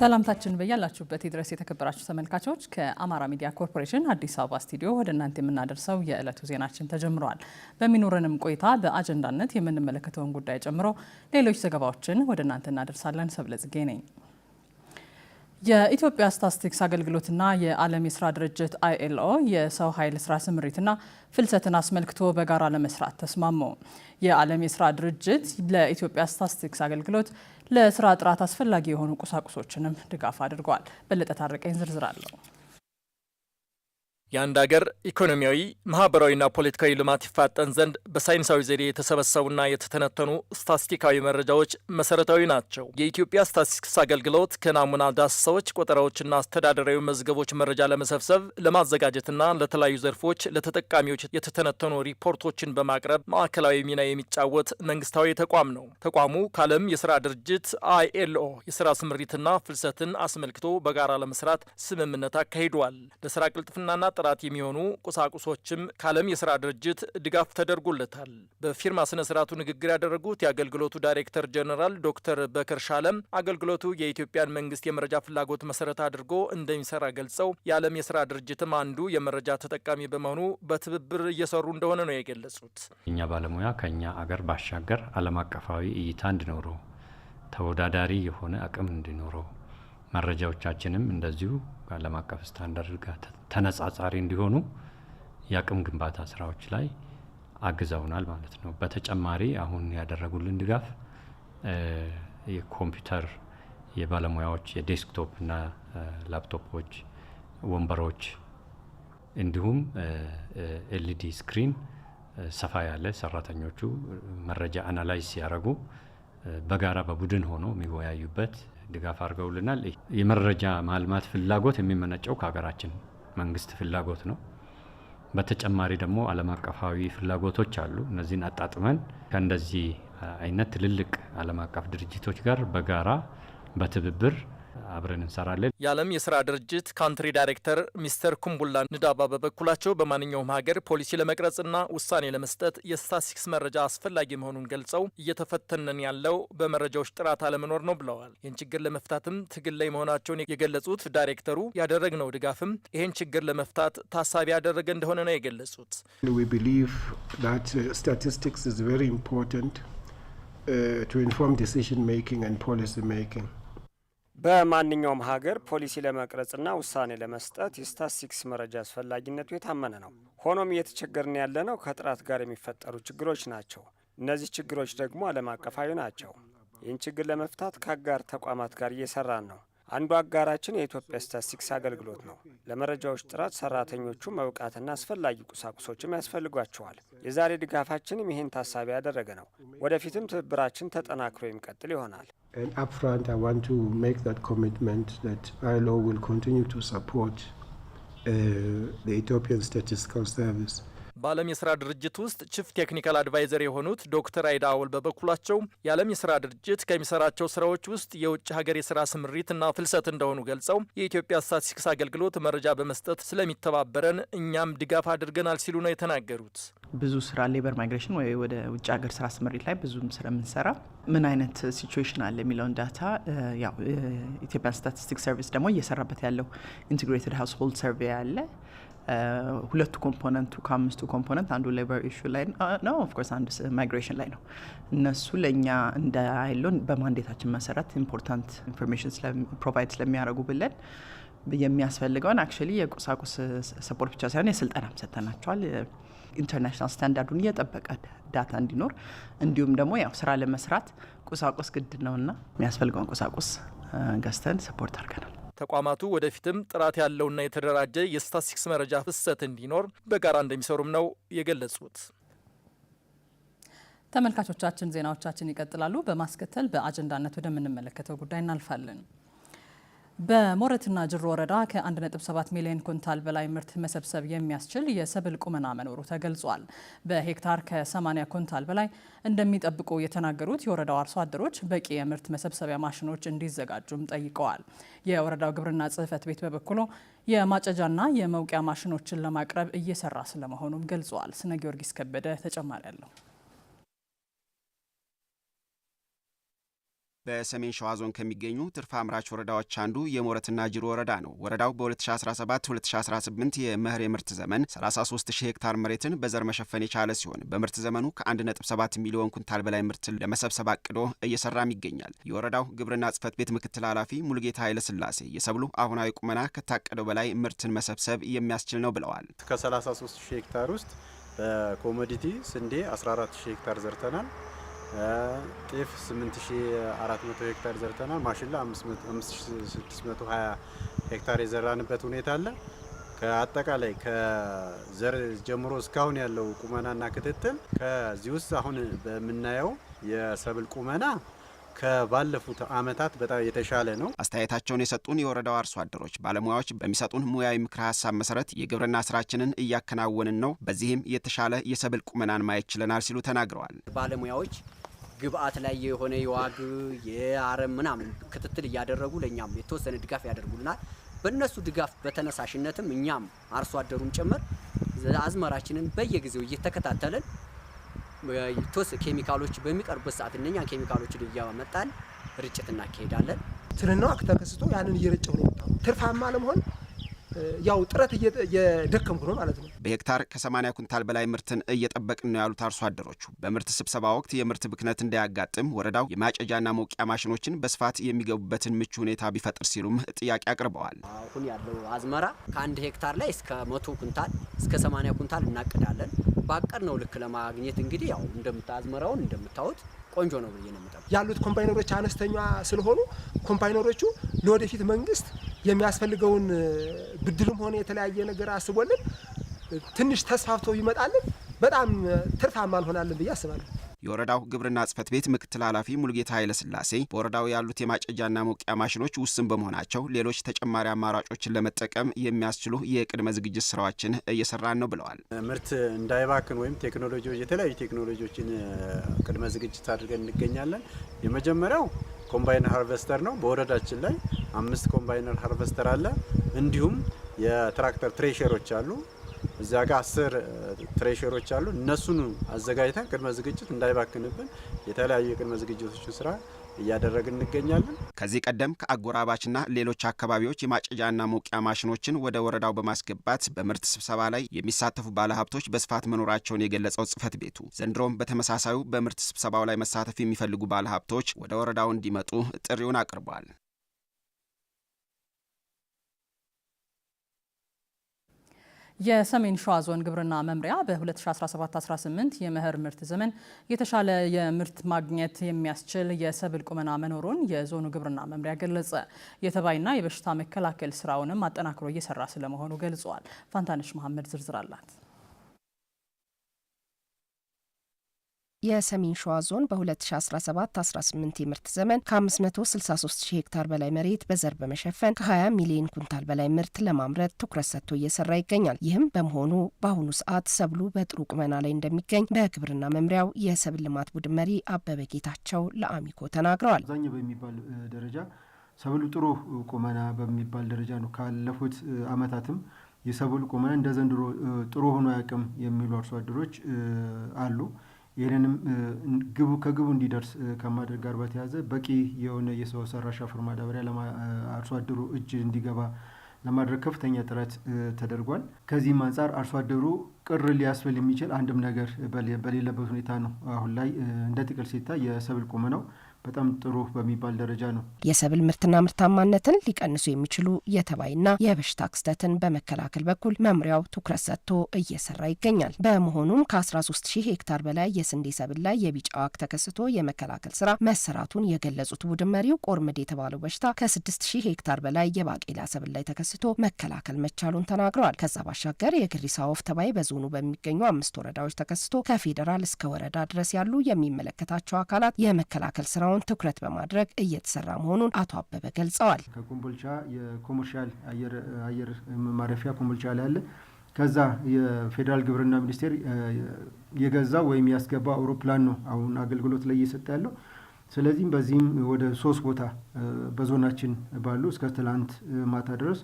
ሰላምታችን በያላችሁበት ድረስ የተከበራችሁ ተመልካቾች፣ ከአማራ ሚዲያ ኮርፖሬሽን አዲስ አበባ ስቱዲዮ ወደ እናንተ የምናደርሰው የዕለቱ ዜናችን ተጀምሯል በሚኖረንም ቆይታ በአጀንዳነት የምንመለከተውን ጉዳይ ጨምሮ ሌሎች ዘገባዎችን ወደ እናንተ እናደርሳለን። ሰብለጽጌ ነኝ። የኢትዮጵያ ስታትስቲክስ አገልግሎትና የዓለም የስራ ድርጅት አይኤልኦ የሰው ኃይል ስራ ስምሪትና ፍልሰትን አስመልክቶ በጋራ ለመስራት ተስማሙ። የዓለም የስራ ድርጅት ለኢትዮጵያ ስታትስቲክስ አገልግሎት ለስራ ጥራት አስፈላጊ የሆኑ ቁሳቁሶችንም ድጋፍ አድርጓል። በለጠ ታረቀኝ ዝርዝር አለው። የአንድ አገር ኢኮኖሚያዊ ማህበራዊና ፖለቲካዊ ልማት ይፋጠን ዘንድ በሳይንሳዊ ዘዴ የተሰበሰቡና የተተነተኑ ስታስቲካዊ መረጃዎች መሰረታዊ ናቸው። የኢትዮጵያ ስታቲስቲክስ አገልግሎት ከናሙና ዳሰሳዎች፣ ቆጠራዎችና አስተዳደራዊ መዝገቦች መረጃ ለመሰብሰብ ለማዘጋጀትና ለተለያዩ ዘርፎች ለተጠቃሚዎች የተተነተኑ ሪፖርቶችን በማቅረብ ማዕከላዊ ሚና የሚጫወት መንግስታዊ ተቋም ነው። ተቋሙ ከዓለም የስራ ድርጅት አይኤልኦ የስራ ስምሪትና ፍልሰትን አስመልክቶ በጋራ ለመስራት ስምምነት አካሂደዋል። ለስራ ቅልጥፍናና ጥራት የሚሆኑ ቁሳቁሶችም ከዓለም የስራ ድርጅት ድጋፍ ተደርጎለታል። በፊርማ ስነ ስርዓቱ ንግግር ያደረጉት የአገልግሎቱ ዳይሬክተር ጀኔራል ዶክተር በክር ሻለም አገልግሎቱ የኢትዮጵያን መንግስት የመረጃ ፍላጎት መሰረት አድርጎ እንደሚሰራ ገልጸው የዓለም የስራ ድርጅትም አንዱ የመረጃ ተጠቃሚ በመሆኑ በትብብር እየሰሩ እንደሆነ ነው የገለጹት። እኛ ባለሙያ ከኛ አገር ባሻገር ዓለም አቀፋዊ እይታ እንዲኖረው ተወዳዳሪ የሆነ አቅም እንዲኖረው መረጃዎቻችንም እንደዚሁ ከዓለም አቀፍ ስታንዳርድ ጋር ተነጻጻሪ እንዲሆኑ የአቅም ግንባታ ስራዎች ላይ አግዘውናል ማለት ነው። በተጨማሪ አሁን ያደረጉልን ድጋፍ የኮምፒውተር የባለሙያዎች የዴስክቶፕ እና ላፕቶፖች፣ ወንበሮች እንዲሁም ኤልኢዲ ስክሪን ሰፋ ያለ ሰራተኞቹ መረጃ አናላይዝ ሲያደርጉ በጋራ በቡድን ሆኖ የሚወያዩበት ድጋፍ አድርገውልናል። የመረጃ ማልማት ፍላጎት የሚመነጨው ከሀገራችን መንግስት ፍላጎት ነው። በተጨማሪ ደግሞ ዓለም አቀፋዊ ፍላጎቶች አሉ። እነዚህን አጣጥመን ከእንደዚህ አይነት ትልልቅ ዓለም አቀፍ ድርጅቶች ጋር በጋራ በትብብር አብረን እንሰራለን። የዓለም የስራ ድርጅት ካንትሪ ዳይሬክተር ሚስተር ኩምቡላ ንዳባ በበኩላቸው በማንኛውም ሀገር ፖሊሲ ለመቅረጽና ውሳኔ ለመስጠት የስታሲክስ መረጃ አስፈላጊ መሆኑን ገልጸው እየተፈተነን ያለው በመረጃዎች ጥራት አለመኖር ነው ብለዋል። ይህን ችግር ለመፍታትም ትግል ላይ መሆናቸውን የገለጹት ዳይሬክተሩ ያደረግነው ድጋፍም ይህን ችግር ለመፍታት ታሳቢ ያደረገ እንደሆነ ነው የገለጹት። ስታቲስቲክስ ኢዝ ቬሪ ኢምፖርታንት ቱ ኢንፎርም ዲሲዥን ሜኪንግ ኤንድ ፖሊሲ ሜኪንግ በማንኛውም ሀገር ፖሊሲ ለመቅረጽና ውሳኔ ለመስጠት የስታሲክስ መረጃ አስፈላጊነቱ የታመነ ነው። ሆኖም እየተቸገርን ያለነው ከጥራት ጋር የሚፈጠሩ ችግሮች ናቸው። እነዚህ ችግሮች ደግሞ ዓለም አቀፋዊ ናቸው። ይህን ችግር ለመፍታት ከአጋር ተቋማት ጋር እየሰራን ነው። አንዱ አጋራችን የኢትዮጵያ ስታትስቲክስ አገልግሎት ነው። ለመረጃዎች ጥራት ሰራተኞቹ መብቃትና አስፈላጊ ቁሳቁሶችም ያስፈልጓቸዋል። የዛሬ ድጋፋችንም ይህን ታሳቢ ያደረገ ነው። ወደፊትም ትብብራችን ተጠናክሮ የሚቀጥል ይሆናል። ኢትዮጵያን ስታቲስቲካል ሰርቪስ በዓለም የስራ ድርጅት ውስጥ ቺፍ ቴክኒካል አድቫይዘር የሆኑት ዶክተር አይዳ አወል በበኩላቸው የዓለም የስራ ድርጅት ከሚሰራቸው ስራዎች ውስጥ የውጭ ሀገር የስራ እና ፍልሰት እንደሆኑ ገልጸው የኢትዮጵያ ስታቲስቲክስ አገልግሎት መረጃ በመስጠት ስለሚተባበረን እኛም ድጋፍ አድርገናል ሲሉ ነው የተናገሩት። ብዙ ስራ ሌበር ማይግሬሽን ወይ ወደ ውጭ ሀገር ስራ ስምሪት ላይ ብዙም ስለምንሰራ ምን አይነት ሲትዌሽን አለ የሚለውን ዳታ ያው ኢትዮጵያ ስታቲስቲክስ ሰርቪስ ደግሞ እየሰራበት ያለው ኢንቴግሬትድ ሀውስሆልድ ሰርቬይ አለ ሁለቱ ኮምፖነንቱ ከአምስቱ ኮምፖነንት አንዱ ሌበር ኢሹ ላይ ነው። ኦፍኮርስ አንዱ ማይግሬሽን ላይ ነው። እነሱ ለእኛ እንደ አይሎን በማንዴታችን መሰረት ኢምፖርታንት ኢንፎርሜሽን ፕሮቫይድ ስለሚያደርጉ ብለን የሚያስፈልገውን አክቹዋሊ የቁሳቁስ ሰፖርት ብቻ ሳይሆን የስልጠናም ሰጥተናቸዋል። ኢንተርናሽናል ስታንዳርዱን እየጠበቀ ዳታ እንዲኖር እንዲሁም ደግሞ ያው ስራ ለመስራት ቁሳቁስ ግድ ነውና የሚያስፈልገውን ቁሳቁስ ገዝተን ሰፖርት አድርገናል። ተቋማቱ ወደፊትም ጥራት ያለውና የተደራጀ የስታስቲክስ መረጃ ፍሰት እንዲኖር በጋራ እንደሚሰሩም ነው የገለጹት። ተመልካቾቻችን ዜናዎቻችን ይቀጥላሉ። በማስከተል በአጀንዳነት ወደምንመለከተው ጉዳይ እናልፋለን። በሞረትና ጅሮ ወረዳ ከ1.7 ሚሊዮን ኩንታል በላይ ምርት መሰብሰብ የሚያስችል የሰብል ቁመና መኖሩ ተገልጿል። በሄክታር ከ80 ኩንታል በላይ እንደሚጠብቁ የተናገሩት የወረዳው አርሶ አደሮች በቂ የምርት መሰብሰቢያ ማሽኖች እንዲዘጋጁም ጠይቀዋል። የወረዳው ግብርና ጽሕፈት ቤት በበኩሉ የማጨጃና የመውቂያ ማሽኖችን ለማቅረብ እየሰራ ስለመሆኑም ገልጿል። ስነ ጊዮርጊስ ከበደ ተጨማሪ አለው። በሰሜን ሸዋ ዞን ከሚገኙ ትርፍ አምራች ወረዳዎች አንዱ የሞረትና ጅሩ ወረዳ ነው። ወረዳው በ2017-2018 የመኸር የምርት ዘመን 330 ሄክታር መሬትን በዘር መሸፈን የቻለ ሲሆን በምርት ዘመኑ ከ1.7 ሚሊዮን ኩንታል በላይ ምርት ለመሰብሰብ አቅዶ እየሰራም ይገኛል። የወረዳው ግብርና ጽሕፈት ቤት ምክትል ኃላፊ ሙሉጌታ ኃይለ ስላሴ የሰብሉ አሁናዊ ቁመና ከታቀደው በላይ ምርትን መሰብሰብ የሚያስችል ነው ብለዋል። ከ330 ሄክታር ውስጥ በኮሞዲቲ ስንዴ 140 ሄክታር ዘርተናል። ጤፍ 8400 ሄክታር ዘርተናል። ማሽላ 5620 ሄክታር የዘራንበት ሁኔታ አለ። ከአጠቃላይ ከዘር ጀምሮ እስካሁን ያለው ቁመናና ክትትል ከዚህ ውስጥ አሁን በምናየው የሰብል ቁመና ከባለፉት ዓመታት በጣም የተሻለ ነው። አስተያየታቸውን የሰጡን የወረዳው አርሶ አደሮች ባለሙያዎች በሚሰጡን ሙያዊ ምክረ ሀሳብ መሰረት የግብርና ስራችንን እያከናወንን ነው፣ በዚህም የተሻለ የሰብል ቁመናን ማየት ችለናል ሲሉ ተናግረዋል። ባለሙያዎች ግብአት ላይ የሆነ የዋግ የአረም ምናምን ክትትል እያደረጉ ለእኛም የተወሰነ ድጋፍ ያደርጉልናል። በእነሱ ድጋፍ በተነሳሽነትም እኛም አርሶ አደሩን ጭምር አዝመራችንን በየጊዜው እየተከታተልን ቶስ ኬሚካሎች በሚቀርቡበት ሰዓት እነኛ ኬሚካሎችን እያመጣን ርጭት እናካሄዳለን። ትንና ተከስቶ ያንን እየረጨው ነው ትርፋማ ለመሆን ያው ጥረት እየደከምኩ ነው ማለት ነው። በሄክታር ከ80 ኩንታል በላይ ምርትን እየጠበቅን ነው ያሉት አርሶ አደሮቹ በምርት ስብሰባ ወቅት የምርት ብክነት እንዳያጋጥም ወረዳው የማጨጃና መውቂያ ማሽኖችን በስፋት የሚገቡበትን ምቹ ሁኔታ ቢፈጥር ሲሉም ጥያቄ አቅርበዋል። አሁን ያለው አዝመራ ከአንድ ሄክታር ላይ እስከ መቶ ኩንታል እስከ 80 ኩንታል እናቅዳለን። በአቀድ ነው ልክ ለማግኘት እንግዲህ ያው እንደምታ አዝመራውን እንደምታዩት ቆንጆ ነው ብዬ ነው ያሉት። ኮምባይነሮች አነስተኛ ስለሆኑ ኮምባይነሮቹ ለወደፊት መንግስት የሚያስፈልገውን ብድርም ሆነ የተለያየ ነገር አስቦልን ትንሽ ተስፋፍቶ ይመጣልን በጣም ትርፋማ እንሆናለን ብዬ አስባለሁ። የወረዳው ግብርና ጽሕፈት ቤት ምክትል ኃላፊ ሙልጌታ ኃይለስላሴ በወረዳው ያሉት የማጨጃና መውቂያ ማሽኖች ውስን በመሆናቸው ሌሎች ተጨማሪ አማራጮችን ለመጠቀም የሚያስችሉ የቅድመ ዝግጅት ስራዎችን እየሰራን ነው ብለዋል። ምርት እንዳይባክን ወይም ቴክኖሎጂዎች የተለያዩ ቴክኖሎጂዎችን ቅድመ ዝግጅት አድርገን እንገኛለን። የመጀመሪያው ኮምባይን ሃርቨስተር ነው። በወረዳችን ላይ አምስት ኮምባይነር ሃርቨስተር አለ። እንዲሁም የትራክተር ትሬሸሮች አሉ። እዚያ ጋር አስር ትሬሸሮች አሉ። እነሱን አዘጋጅተን ቅድመ ዝግጅት እንዳይባክንብን የተለያዩ የቅድመ ዝግጅቶችን ስራ እያደረግን እንገኛለን። ከዚህ ቀደም ከአጎራባችና ሌሎች አካባቢዎች የማጨጃና መውቂያ ማሽኖችን ወደ ወረዳው በማስገባት በምርት ስብሰባ ላይ የሚሳተፉ ባለሀብቶች በስፋት መኖራቸውን የገለጸው ጽህፈት ቤቱ ዘንድሮም በተመሳሳዩ በምርት ስብሰባው ላይ መሳተፍ የሚፈልጉ ባለሀብቶች ወደ ወረዳው እንዲመጡ ጥሪውን አቅርቧል። የሰሜን ሸዋ ዞን ግብርና መምሪያ በ2017/18 የመኸር ምርት ዘመን የተሻለ የምርት ማግኘት የሚያስችል የሰብል ቁመና መኖሩን የዞኑ ግብርና መምሪያ ገለጸ። የተባይና የበሽታ መከላከል ስራውንም አጠናክሮ እየሰራ ስለመሆኑ ገልጿል። ፋንታነሽ መሐመድ ዝርዝር አላት። የሰሜን ሸዋ ዞን በ2017/18 የምርት ዘመን ከ563 ሺህ ሄክታር በላይ መሬት በዘር በመሸፈን ከ20 ሚሊዮን ኩንታል በላይ ምርት ለማምረት ትኩረት ሰጥቶ እየሰራ ይገኛል። ይህም በመሆኑ በአሁኑ ሰዓት ሰብሉ በጥሩ ቁመና ላይ እንደሚገኝ በግብርና መምሪያው የሰብል ልማት ቡድን መሪ አበበ ጌታቸው ለአሚኮ ተናግረዋል። አብዛኛው በሚባል ደረጃ ሰብሉ ጥሩ ቁመና በሚባል ደረጃ ነው። ካለፉት አመታትም የሰብሉ ቁመና እንደ ዘንድሮ ጥሩ ሆኖ አያውቅም የሚሉ አርሶ አደሮች አሉ። ይህንንም ግቡ ከግቡ እንዲደርስ ከማድረግ ጋር በተያያዘ በቂ የሆነ የሰው ሰራሽ አፈር ማዳበሪያ አርሶ አደሩ እጅ እንዲገባ ለማድረግ ከፍተኛ ጥረት ተደርጓል። ከዚህም አንጻር አርሶ አደሩ ቅር ሊያስብል የሚችል አንድም ነገር በሌለበት ሁኔታ ነው አሁን ላይ እንደ ጥቅል ሲታይ የሰብል ነው በጣም ጥሩ በሚባል ደረጃ ነው። የሰብል ምርትና ምርታማነትን ሊቀንሱ የሚችሉ የተባይና የበሽታ ክስተትን በመከላከል በኩል መምሪያው ትኩረት ሰጥቶ እየሰራ ይገኛል። በመሆኑም ከ13 ሺህ ሄክታር በላይ የስንዴ ሰብል ላይ የቢጫ ዋግ ተከስቶ የመከላከል ስራ መሰራቱን የገለጹት ቡድን መሪው ቆርምድ የተባለው በሽታ ከ6 ሺህ ሄክታር በላይ የባቄላ ሰብል ላይ ተከስቶ መከላከል መቻሉን ተናግረዋል። ከዛ ባሻገር የግሪሳ ወፍ ተባይ በዞኑ በሚገኙ አምስት ወረዳዎች ተከስቶ ከፌዴራል እስከ ወረዳ ድረስ ያሉ የሚመለከታቸው አካላት የመከላከል ስራ ስራውን ትኩረት በማድረግ እየተሰራ መሆኑን አቶ አበበ ገልጸዋል። ከኮምቦልቻ የኮመርሻል አየር ማረፊያ ኮምቦልቻ ላይ አለ። ከዛ የፌዴራል ግብርና ሚኒስቴር የገዛ ወይም ያስገባ አውሮፕላን ነው አሁን አገልግሎት ላይ እየሰጠ ያለው። ስለዚህም በዚህም ወደ ሶስት ቦታ በዞናችን ባሉ እስከ ትላንት ማታ ድረስ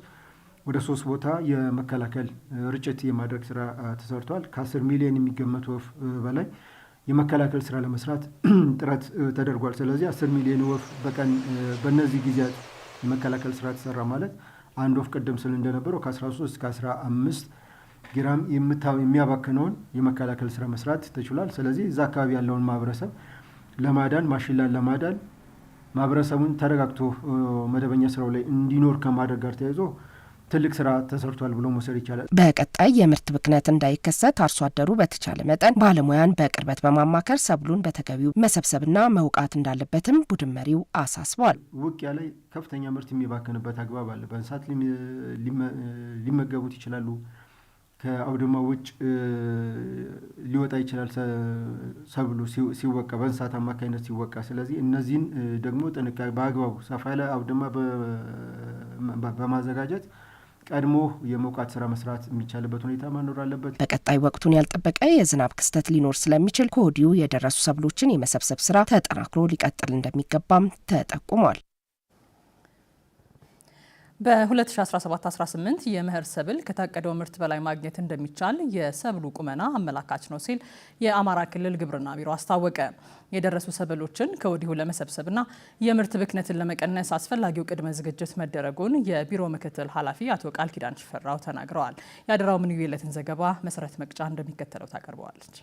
ወደ ሶስት ቦታ የመከላከል ርጭት የማድረግ ስራ ተሰርቷል። ከአስር ሚሊዮን የሚገመት ወፍ በላይ የመከላከል ስራ ለመስራት ጥረት ተደርጓል። ስለዚህ አስር ሚሊዮን ወፍ በቀን በእነዚህ ጊዜያት የመከላከል ስራ ተሰራ ማለት አንድ ወፍ ቅድም ስል እንደነበረው ከ13 እስከ 15 ግራም የሚያባክነውን የመከላከል ስራ መስራት ተችሏል። ስለዚህ እዛ አካባቢ ያለውን ማህበረሰብ ለማዳን ማሽላን ለማዳን ማህበረሰቡን ተረጋግቶ መደበኛ ስራው ላይ እንዲኖር ከማድረግ ጋር ተያይዞ ትልቅ ስራ ተሰርቷል ብሎ መውሰድ ይቻላል። በቀጣይ የምርት ብክነት እንዳይከሰት አርሶ አደሩ በተቻለ መጠን ባለሙያን በቅርበት በማማከር ሰብሉን በተገቢው መሰብሰብና መውቃት እንዳለበትም ቡድን መሪው አሳስቧል። ውቅያ ላይ ከፍተኛ ምርት የሚባክንበት አግባብ አለ። በእንስሳት ሊመገቡት ይችላሉ። ከአውድማ ውጭ ሊወጣ ይችላል ሰብሉ ሲወቃ፣ በእንስሳት አማካኝነት ሲወቃ። ስለዚህ እነዚህን ደግሞ ጥንቃቄ በአግባቡ ሰፋ ያለ አውድማ በማዘጋጀት ቀድሞ የመውቃት ስራ መስራት የሚቻልበት ሁኔታ መኖር አለበት። በቀጣይ ወቅቱን ያልጠበቀ የዝናብ ክስተት ሊኖር ስለሚችል ከወዲሁ የደረሱ ሰብሎችን የመሰብሰብ ስራ ተጠናክሮ ሊቀጥል እንደሚገባም ተጠቁሟል። በ2017-18 የመኸር ሰብል ከታቀደው ምርት በላይ ማግኘት እንደሚቻል የሰብሉ ቁመና አመላካች ነው ሲል የአማራ ክልል ግብርና ቢሮ አስታወቀ። የደረሱ ሰብሎችን ከወዲሁ ለመሰብሰብና የምርት ብክነትን ለመቀነስ አስፈላጊው ቅድመ ዝግጅት መደረጉን የቢሮ ምክትል ኃላፊ አቶ ቃል ኪዳን ሽፈራው ተናግረዋል። የአደራው ምንዩ የለትን ዘገባ መሰረት መቅጫ እንደሚከተለው ታቀርበዋለች።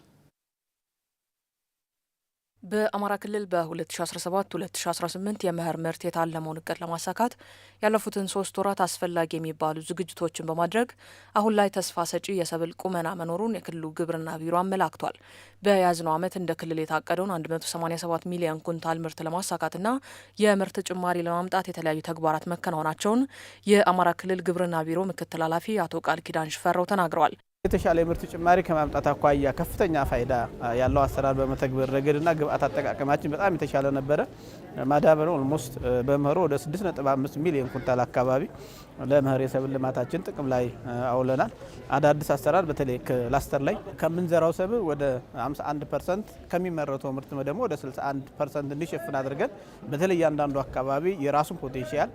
በአማራ ክልል በ2017-2018 የመኸር ምርት የታለመውን እቅድ ለማሳካት ያለፉትን ሶስት ወራት አስፈላጊ የሚባሉ ዝግጅቶችን በማድረግ አሁን ላይ ተስፋ ሰጪ የሰብል ቁመና መኖሩን የክልሉ ግብርና ቢሮ አመላክቷል። በያዝነው ዓመት እንደ ክልል የታቀደውን 187 ሚሊዮን ኩንታል ምርት ለማሳካትና የምርት ጭማሪ ለማምጣት የተለያዩ ተግባራት መከናወናቸውን የአማራ ክልል ግብርና ቢሮ ምክትል ኃላፊ አቶ ቃል ኪዳን ሽፈረው ተናግረዋል። የተሻለ የምርት ጭማሪ ከማምጣት አኳያ ከፍተኛ ፋይዳ ያለው አሰራር በመተግበር ረገድና ግብአት አጠቃቀማችን በጣም የተሻለ ነበረ። ማዳበሪያ ኦልሞስት በምህሮ ወደ 6.5 ሚሊዮን ኩንታል አካባቢ ለምህር የሰብል ልማታችን ጥቅም ላይ አውለናል። አዳዲስ አሰራር በተለይ ክላስተር ላይ ከምንዘራው ሰብል ወደ 51 ፐርሰንት ከሚመረተው ምርት ደግሞ ወደ 61 ፐርሰንት እንዲሸፍን አድርገን በተለይ እያንዳንዱ አካባቢ የራሱን ፖቴንሽያል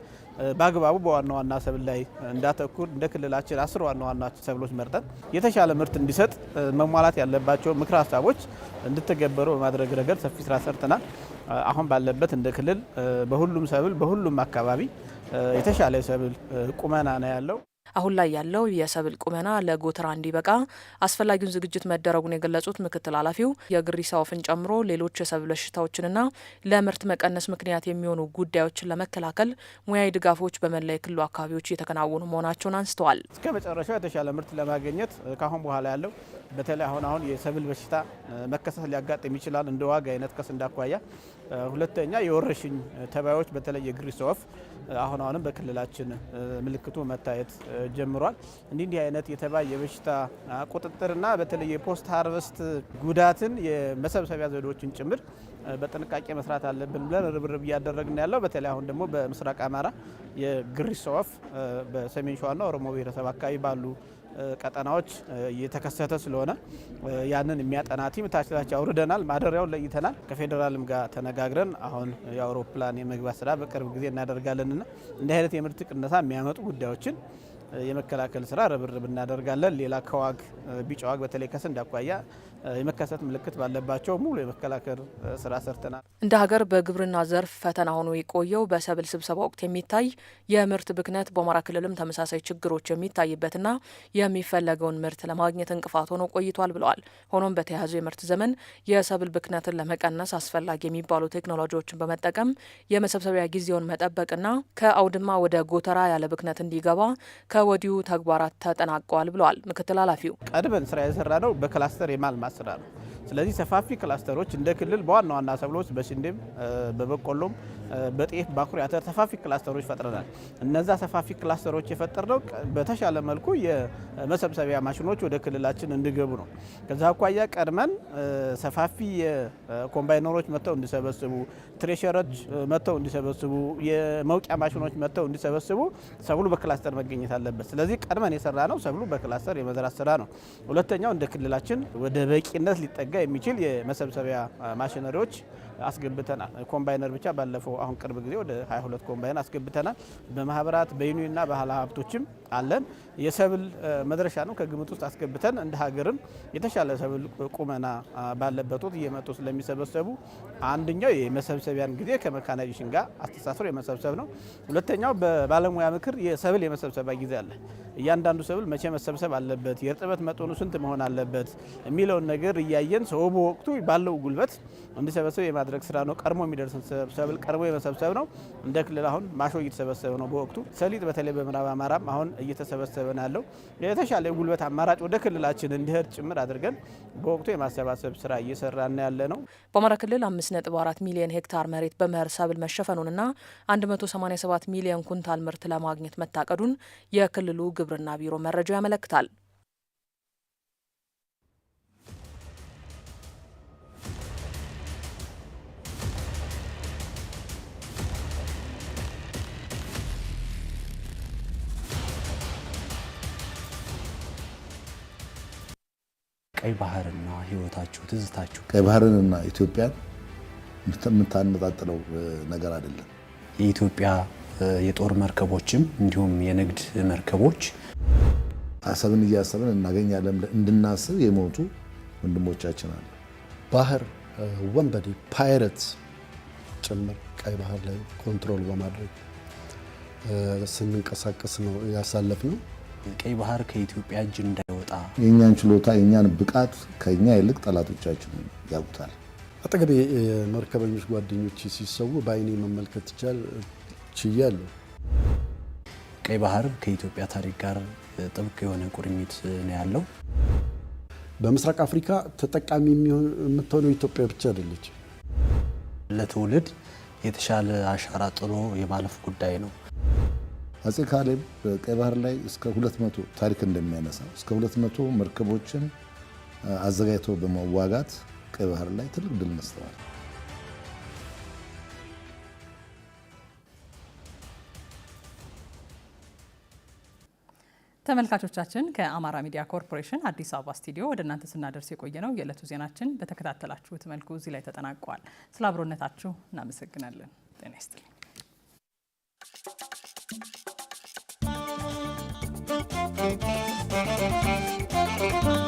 በአግባቡ በዋና ዋና ሰብል ላይ እንዳተኩር እንደ ክልላችን አስር ዋና ዋና ሰብሎች መርጠን የተሻለ ምርት እንዲሰጥ መሟላት ያለባቸው ምክረ ሀሳቦች እንድተገበሩ በማድረግ ረገድ ሰፊ ስራ ሰርተናል። አሁን ባለበት እንደ ክልል በሁሉም ሰብል በሁሉም አካባቢ የተሻለ ሰብል ቁመና ነው ያለው። አሁን ላይ ያለው የሰብል ቁመና ለጎተራ እንዲበቃ አስፈላጊውን ዝግጅት መደረጉን የገለጹት ምክትል ኃላፊው የግሪሳ ወፍን ጨምሮ ሌሎች የሰብል በሽታዎችንና ለምርት መቀነስ ምክንያት የሚሆኑ ጉዳዮችን ለመከላከል ሙያዊ ድጋፎች በመላ የክልሉ አካባቢዎች እየተከናወኑ መሆናቸውን አንስተዋል። እስከ መጨረሻው የተሻለ ምርት ለማግኘት ከአሁን በኋላ ያለው በተለይ አሁን አሁን የሰብል በሽታ መከሰት ሊያጋጥም ይችላል እንደ ዋጋ አይነት ከስ እንዳኳያ ሁለተኛ የወረሽኝ ተባዮች በተለይ የግሪሳ ወፍ አሁን አሁንም በክልላችን ምልክቱ መታየት ጀምሯል። እንዲህ እንዲህ አይነት የተባይ የበሽታ ቁጥጥርና በተለይ የፖስት ሀርቨስት ጉዳትን የመሰብሰቢያ ዘዴዎችን ጭምር በጥንቃቄ መስራት አለብን ብለን ርብርብ እያደረግን ያለው በተለይ አሁን ደግሞ በምስራቅ አማራ የግሪሶ ወፍ በሰሜን ሸዋና ኦሮሞ ብሔረሰብ አካባቢ ባሉ ቀጠናዎች እየተከሰተ ስለሆነ ያንን የሚያጠና ቲም ታች ታች አውርደናል። ማደሪያውን ለይተናል። ከፌዴራልም ጋር ተነጋግረን አሁን የአውሮፕላን የመግባት ስራ በቅርብ ጊዜ እናደርጋለንና እንዲህ አይነት የምርት ቅነሳ የሚያመጡ ጉዳዮችን የመከላከል ስራ ርብርብ እናደርጋለን። ሌላ ከዋግ ቢጫ ዋግ በተለይ ከስንዴ አኳያ የመከሰት ምልክት ባለባቸው ሙሉ የመከላከል ስራ ሰርተናል። እንደ ሀገር በግብርና ዘርፍ ፈተና ሆኖ የቆየው በሰብል ስብሰባ ወቅት የሚታይ የምርት ብክነት በአማራ ክልልም ተመሳሳይ ችግሮች የሚታይበትና የሚፈለገውን ምርት ለማግኘት እንቅፋት ሆኖ ቆይቷል ብለዋል። ሆኖም በተያያዘው የምርት ዘመን የሰብል ብክነትን ለመቀነስ አስፈላጊ የሚባሉ ቴክኖሎጂዎችን በመጠቀም የመሰብሰቢያ ጊዜውን መጠበቅና ከአውድማ ወደ ጎተራ ያለ ብክነት እንዲገባ ከወዲሁ ተግባራት ተጠናቀዋል ብለዋል ምክትል ኃላፊው። ቀድመን ስራ የሰራ ነው በክላስተር የማልማት ambassador. ስለዚህ ሰፋፊ ክላስተሮች እንደ ክልል በዋና ዋና ሰብሎች በስንዴም፣ በበቆሎም፣ በጤፍ፣ በአኩሪ አተር ሰፋፊ ክላስተሮች ፈጥረናል። እነዛ ሰፋፊ ክላስተሮች የፈጠርነው በተሻለ መልኩ የመሰብሰቢያ ማሽኖች ወደ ክልላችን እንዲገቡ ነው። ከዛ አኳያ ቀድመን ሰፋፊ የኮምባይነሮች መጥተው እንዲሰበስቡ፣ ትሬሸሮች መጥተው እንዲሰበስቡ፣ የመውቂያ ማሽኖች መጥተው እንዲሰበስቡ ሰብሉ በክላስተር መገኘት አለበት። ስለዚህ ቀድመን የሰራ ነው ሰብሉ በክላስተር የመዝራት ስራ ነው። ሁለተኛው እንደ ክልላችን ወደ በቂነት ሊጠገ የሚችል የመሰብሰቢያ ማሽነሪዎች አስገብተናል። ኮምባይነር ብቻ ባለፈው አሁን ቅርብ ጊዜ ወደ 22 ኮምባይነር አስገብተናል። በማህበራት በዩኒየንና ባህል ሀብቶችም አለን። የሰብል መድረሻ ነው ከግምት ውስጥ አስገብተን እንደ ሀገርም የተሻለ ሰብል ቁመና ባለበት ወቅት እየመጡ ስለሚሰበሰቡ አንደኛው የመሰብሰቢያን ጊዜ ከመካናይዜሽን ጋር አስተሳስሮ የመሰብሰብ ነው። ሁለተኛው በባለሙያ ምክር የሰብል የመሰብሰቢያ ጊዜ አለ። እያንዳንዱ ሰብል መቼ መሰብሰብ አለበት፣ የእርጥበት መጠኑ ስንት መሆን አለበት የሚለውን ነገር እያየን ሰው በወቅቱ ባለው ጉልበት እንዲሰበሰብ የማድረግ ስራ ነው። ቀድሞ የሚደርስ ሰብል ቀድሞ የመሰብሰብ ነው። እንደ ክልል አሁን ማሾ እየተሰበሰበ ነው። በወቅቱ ሰሊጥ በተለይ በምዕራብ አማራም አሁን እየተሰበሰበ ነው ያለው። የተሻለ የጉልበት አማራጭ ወደ ክልላችን እንዲሄድ ጭምር አድርገን በወቅቱ የማሰባሰብ ስራ እየሰራን ያለ ነው። በአማራ ክልል 5.4 ሚሊዮን ሄክታር መሬት በመኸር ሰብል መሸፈኑንና 187 ሚሊዮን ኩንታል ምርት ለማግኘት መታቀዱን የክልሉ ግብርና ቢሮ መረጃ ያመለክታል። ቀይ ባህርና ህይወታችሁ ትዝታችሁ ቀይ ባህርንና ኢትዮጵያን የምታነጣጥለው ነገር አይደለም። የኢትዮጵያ የጦር መርከቦችም እንዲሁም የንግድ መርከቦች አሰብን እያሰብን እናገኛለን እንድናስብ የሞቱ ወንድሞቻችን አለ ባህር ወንበዴ ፓይረት ጭምር ቀይ ባህር ላይ ኮንትሮል በማድረግ ስንንቀሳቀስ ነው ያሳለፍ ነው። ቀይ ባህር ከኢትዮጵያ እጅ እንዳይወጣ የእኛን ችሎታ የእኛን ብቃት ከእኛ ይልቅ ጠላቶቻችን ያውቁታል። አጠገቤ መርከበኞች ጓደኞች ሲሰዉ በአይኔ መመልከት ይቻል ችያለሁ። ቀይ ባህር ከኢትዮጵያ ታሪክ ጋር ጥብቅ የሆነ ቁርኝት ነው ያለው። በምስራቅ አፍሪካ ተጠቃሚ የምትሆነው ኢትዮጵያ ብቻ አይደለች፣ ለትውልድ የተሻለ አሻራ ጥሎ የማለፍ ጉዳይ ነው። አፄ ካሌብ በቀይ ባህር ላይ እስከ 200 ታሪክ እንደሚያነሳ እስከ 200 መርከቦችን አዘጋጅቶ በመዋጋት ቀይ ባህር ላይ ትልቅ ድል ነስተዋል። ተመልካቾቻችን ከአማራ ሚዲያ ኮርፖሬሽን አዲስ አበባ ስቱዲዮ ወደ እናንተ ስናደርስ የቆየ ነው የዕለቱ ዜናችን። በተከታተላችሁት መልኩ እዚህ ላይ ተጠናቋል። ስለ አብሮነታችሁ እናመሰግናለን። ጤና ይስጥልኝ። Okay.